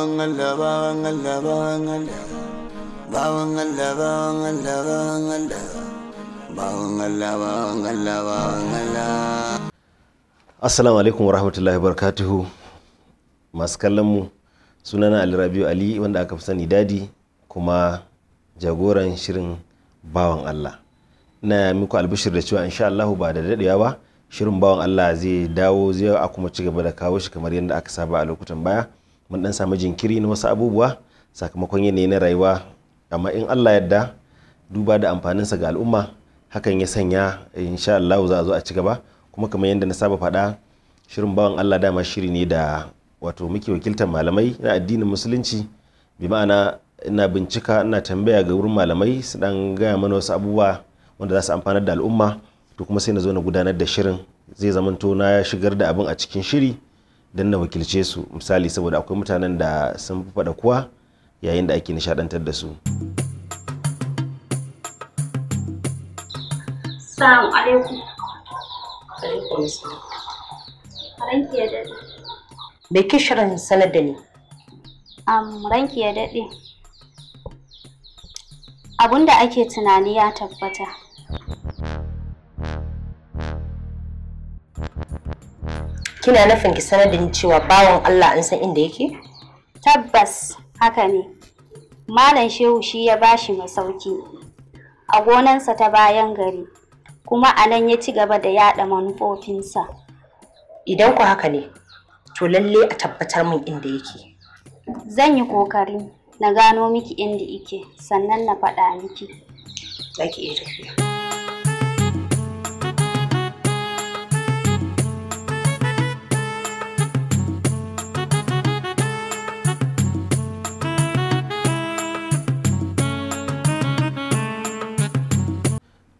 ഭാവങ്ങല്ല ഭാവങ്ങല്ല ഭാവങ്ങല്ല ഭാവങ്ങല്ല ഭാവങ്ങല്ല ഭാവങ്ങല്ല ഭാവങ്ങല്ല ഭാവങ്ങല്ല ഭാവങ്ങല്ല assalamu alaikum warahmatullahi barakatuhu masu kallon mu sunana ali rabiu ali wanda aka fi sani dadi kuma jagoran shirin bawan allah na miku albishir da cewa insha allahu ba da dadewa ba shirin bawan allah zai dawo zai a kuma ci gaba da kawo shi kamar yadda aka saba a lokutan baya mun dan samu jinkiri na wasu abubuwa sakamakon yanayi na rayuwa amma in Allah yadda duba da amfaninsa ga al'umma hakan ya sanya eh, insha Allah za a zo a ci gaba kuma kamar yadda na saba faɗa shirin bawan Allah dama shiri ne da wato muke wakiltar malamai na addinin musulunci bi ma'ana ina bincika ina tambaya ga wurin malamai su dan gaya mana wasu abubuwa wanda za su amfanar da al'umma to kuma sai na zo na gudanar da shirin zai zamanto na shigar da abin a cikin shiri don na wakilce su misali saboda akwai mutanen da sun faɗa kuwa yayin da ake nishadantar da su. Salam alaikum. Ranki ya daɗe. Me sanar ranki ya daɗe. Abun da ake tunani ya tabbata. kina nufin ki sanar da ni cewa bawan Allah an san inda yake? Tabbas haka ne. Malam Shehu shi ya bashi masauki a gonansa ta bayan gari, kuma a nan ya ci gaba da yaɗa manufofinsa. Idan ku haka ne, to lalle a tabbatar min inda yake. Zan yi ƙoƙari na gano miki inda ike, sannan na faɗa miki. Za ki iya tafiya.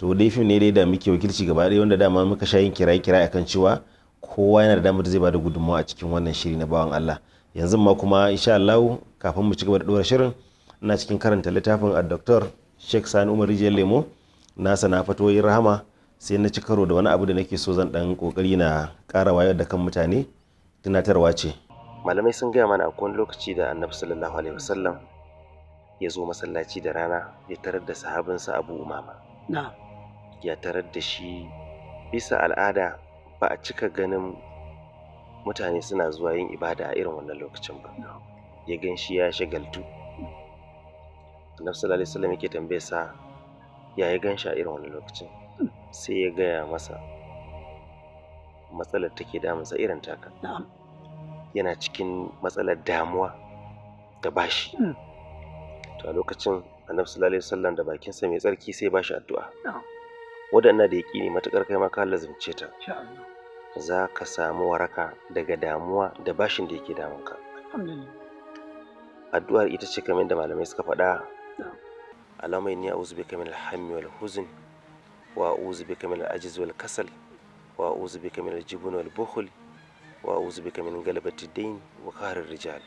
to laifin ne dai da muke wakilci gaba ɗaya wanda dama muka sha yin kiraye kirai akan cewa kowa yana da damar zai bada gudunmawa a cikin wannan shiri na bawan Allah yanzu ma kuma insha Allah kafin mu ci gaba da ɗora shirin ina cikin karanta littafin a Dr. Sheikh Sani Umar Rijiyar Lemo na sana fatoyin rahama sai na ci karo da wani abu da nake so zan dan kokari na ƙara wayar da kan mutane tunatarwa ce malamai sun gaya mana akwai lokaci da annabi sallallahu alaihi wasallam ya zo masallaci da rana ya tarar da sahabinsa abu umama na'am ya tarar da shi bisa al'ada ba a cika ganin mutane suna zuwa yin ibada a irin wannan lokacin ba ya gan shi ya shagaltu annabi sallallahu alaihi wasallam yake tambaye sa ya ya gan shi a irin wannan lokacin sai ya gaya masa matsalar take damunsa irin taka yana cikin matsalar damuwa da bashi hmm. to a lokacin annabi sallallahu alaihi wasallam da bakinsa mai tsarki sai bashi addu'a wadda ya da ne matuƙar kai ma ka lazumce ta za ka samu waraka daga damuwa da bashin da yake damunka addu'ar ita ce kamar da malamai suka faɗa alamai ni a'udhu bika min al-hammi wal huzn wa a'udhu bika min al-ajz wal kasal wa a'udhu bika min al-jibun wal bukhl wa a'udhu bika min galabati ad-din wa qahri rijal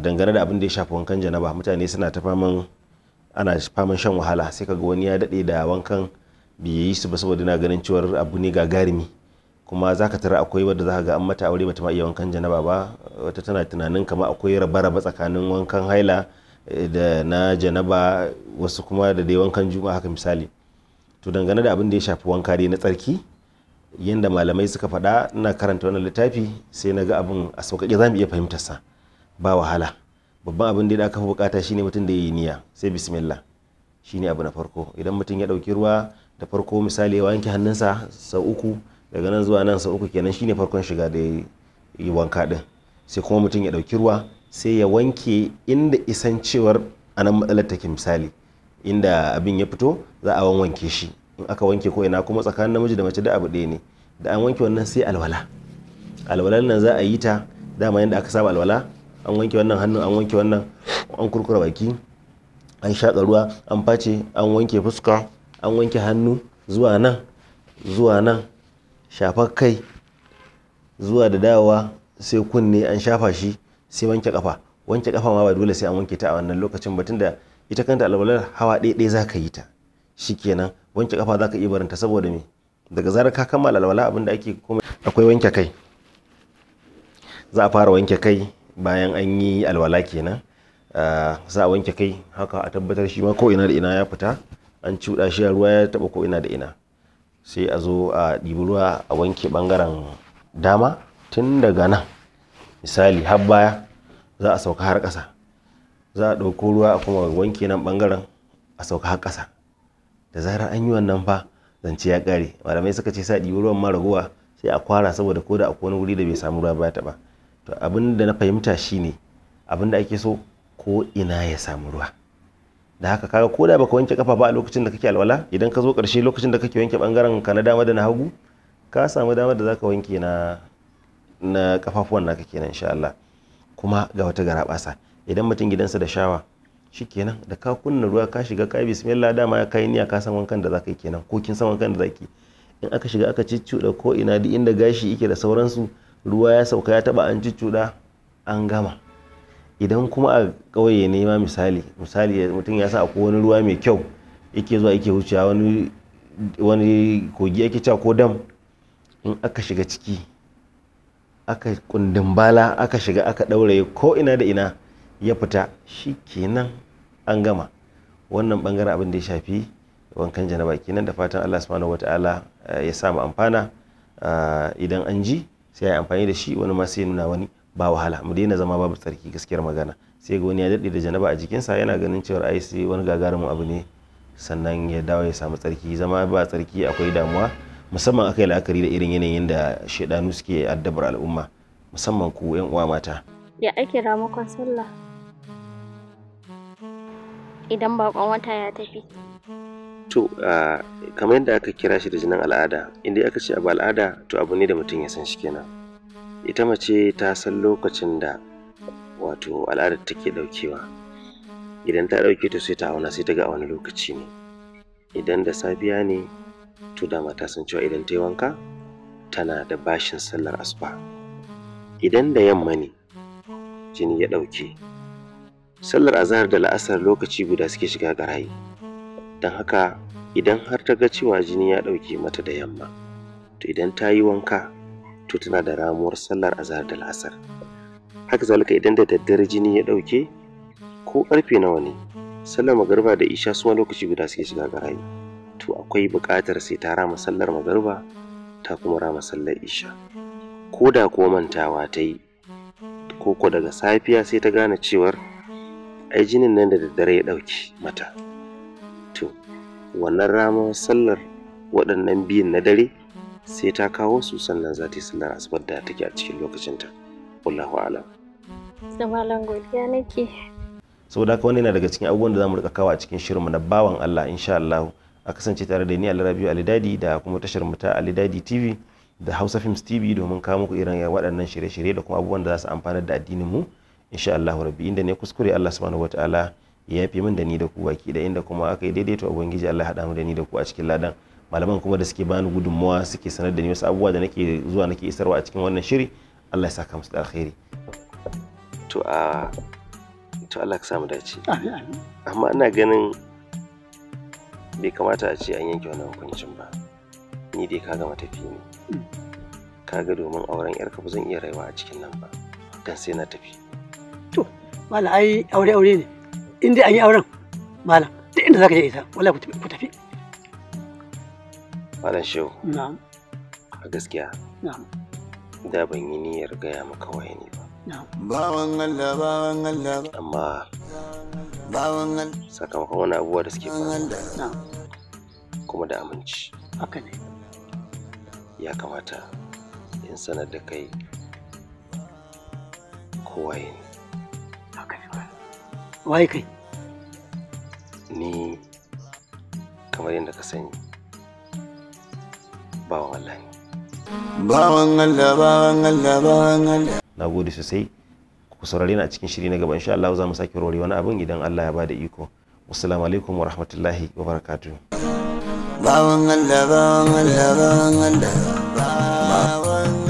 dangane da abin da ya shafi wankan janaba mutane suna ta faman ana faman shan wahala sai kaga wani ya daɗe da wankan bai yi su ba saboda na ganin cewar abu ne ga garimi kuma za ka tara akwai wadda za ka ga an mata aure bata ma iya wankan janaba ba wata tana tunanin kama akwai raba-raba tsakanin wankan haila eh, da na janaba wasu kuma da dai wankan juma'a haka misali to dangane da abin da ya shafi wanka dai na tsarki yadda malamai suka faɗa ina karanta wannan littafi sai na ga abin a sauƙaƙe za mu iya fahimtarsa ba wahala babban abin da aka fi bukata shine mutum da ya yi niyya sai bismillah shine abu na farko idan mutum ya dauki ruwa da farko misali ya wanke hannunsa sau uku daga nan zuwa nan sau uku kenan shine farkon shiga da yi wanka din sai kuma mutum ya dauki ruwa sai ya wanke inda isan cewar anan matsalar take misali inda abin ya fito za a wanke shi in aka wanke ko ina kuma tsakanin namiji da mace da abu ɗaya ne da an wanke wannan sai alwala alwalan nan za a yi ta dama yadda aka saba alwala an wanke wannan hannun an wanke wannan an kurkura baki an shaƙa ruwa an face an wanke fuska an wanke hannu zuwa nan zuwa nan shafar kai zuwa da dawowa sai kunne an shafa shi sai wanke kafa wanke kafa ma ba dole sai an wanke ta a wannan lokacin ba da ita kanta alwalar hawa ɗaya za ka yi ta kenan wanke kafa za ka iya barinta saboda me daga zarar ka kammala alwala abin da ake kuma akwai wanke kai za a fara wanke kai bayan an yi alwala kenan ah, za a wanke kai haka a tabbatar shi ma ko ina da ina ya fita an cuɗa shi a ruwa ya taɓa ko ina da ina sai a zo a ɗibi ruwa a wanke ɓangaren dama tun daga nan misali har baya za a sauka har ƙasa za a ɗauko ruwa a kuma wanke nan ɓangaren a sauka har ƙasa da zarar an yi wannan fa zance ya ƙare malamai suka ce sa ɗibi ruwan ma raguwa sai a kwara saboda ko da akwai wani wuri da bai samu ruwa ba ya taɓa to abin da na fahimta shine abin da ake so ko ina ya samu ruwa da haka kaga ko da baka wanke kafa ba a lokacin da kake alwala idan ka zo karshe lokacin da kake wanke bangaren ka na dama da na hagu ka samu damar da zaka wanke na na kafafuwan naka kenan insha Allah kuma ga wata garabasa idan mutum gidansa da shawa shikenan da ka kunna ruwa ka shiga ka bismillah dama ka kai niyya ka san wankan da zaka yi kenan ko kin san wankan da zaki in aka shiga aka da ko ina duk inda gashi yake da sauransu ruwa ya sauka ya taba an cuda an gama idan kuma a ƙauye ne ma misali misali mutum ya sa ko wani ruwa mai kyau yake zuwa yake wucewa wani wani kogi yake cewa ko dam in aka shiga ciki aka kundin bala aka shiga aka ɗauraye ko ina da ina ya fita shi kenan an gama wannan bangaren abin da ya shafi wankan janaba kenan da fatan Allah subhanahu wataala eh, ya samu amfana ah, idan an ji sai ya amfani da shi wani ma sai nuna wani ba wahala mu daina zama babu tsarki gaskiyar magana sai ga wani ya daɗe da janaba a jikinsa yana ganin cewa ai sai wani gagarumin abu ne sannan ya dawo ya samu tsarki zama ba tsarki akwai damuwa musamman akai la'akari da irin yanayin da shaidanu suke addabar al'umma musamman ku yan uwa mata ya ake ramakon sallah idan bakon wata ya tafi to kamar yadda aka kira shi da jinin al'ada inda aka ce abu al'ada to abu ne da mutum ya san shi kenan ita mace ta san lokacin da wato al'ada take daukewa idan ta dauke ta sai ta auna sai ta ga wani lokaci ne idan da safiya ne to dama ta san cewa idan ta yi wanka tana da bashin sallar asuba idan da yamma ne jini ya dauke sallar azahar da la'asar lokaci guda suke shiga garayi don haka idan har ta ga cewa jini ya ɗauke mata da yamma to idan ta yi wanka to tana da ramuwar sallar azhar da lasar haka zalika idan da daddare jini ya ɗauke ko ƙarfe nawa ne sallar magarba da isha suma lokaci guda suke shiga rayu, to akwai buƙatar sai ta rama sallar magarba ta kuma rama sallar isha ko da kuwa mantawa ta yi koko daga safiya sai ta gane cewar ai jinin nan da daddare ya ɗauke mata to wannan ramar sallar waɗannan biyun na dare sai ta kawo su sannan za ta yi sallar asibar da take a cikin lokacinta wallahu alam samalan godiya nake saboda haka wani yana daga cikin abubuwan da za mu rika kawo a cikin shirinmu na bawan Allah insha Allah a kasance tare da ni a Ali Rabiu Alidadi da kuma tashar mu ta Alidadi TV da Hausa Films TV domin kawo muku irin waɗannan shirye-shirye da kuma abubuwan da za su amfanar da addinin mu insha Allah rabbi inda ne kuskure Allah subhanahu wataala ya fi min da ni da ku baki da inda kuma aka yi daidai daidaito ubangiji Allah ya haɗa mu da ni da ku a cikin ladan malaman kuma da suke bani gudunmawa suke sanar da ni wasu abubuwa da nake zuwa nake isarwa a cikin wannan shiri Allah ya saka musu da alkhairi to a to Allah ka samu dace amma ina ganin bai kamata a ce an yanke wannan hukuncin ba ni dai ka gama tafi ne hmm. kaga domin auren yarka ba zan iya rayuwa a cikin nan ba dan sai na tafi to mala aure aure ne in dai an yi auren malam duk inda zaka je isa, wallahi ku tafi malam shehu na'am a gaskiya na'am da ban yi niyyar gaya maka waye ne ba bawan Allah bawan Allah amma bawan Allah sakamakon wani abubuwa da suke faruwa kuma da aminci haka ne ya kamata in sanar da kai kowa ne waye kai ni kamar yadda ka sani ba wallahi bawan Allah bawan Allah bawan Allah na gode sosai ku saurare ni a cikin shiri na gaba insha Allah za mu sake rore wani abin idan Allah ya bada iko assalamu alaikum wa rahmatullahi wa barakatuh bawan Allah bawan Allah bawan Allah bawan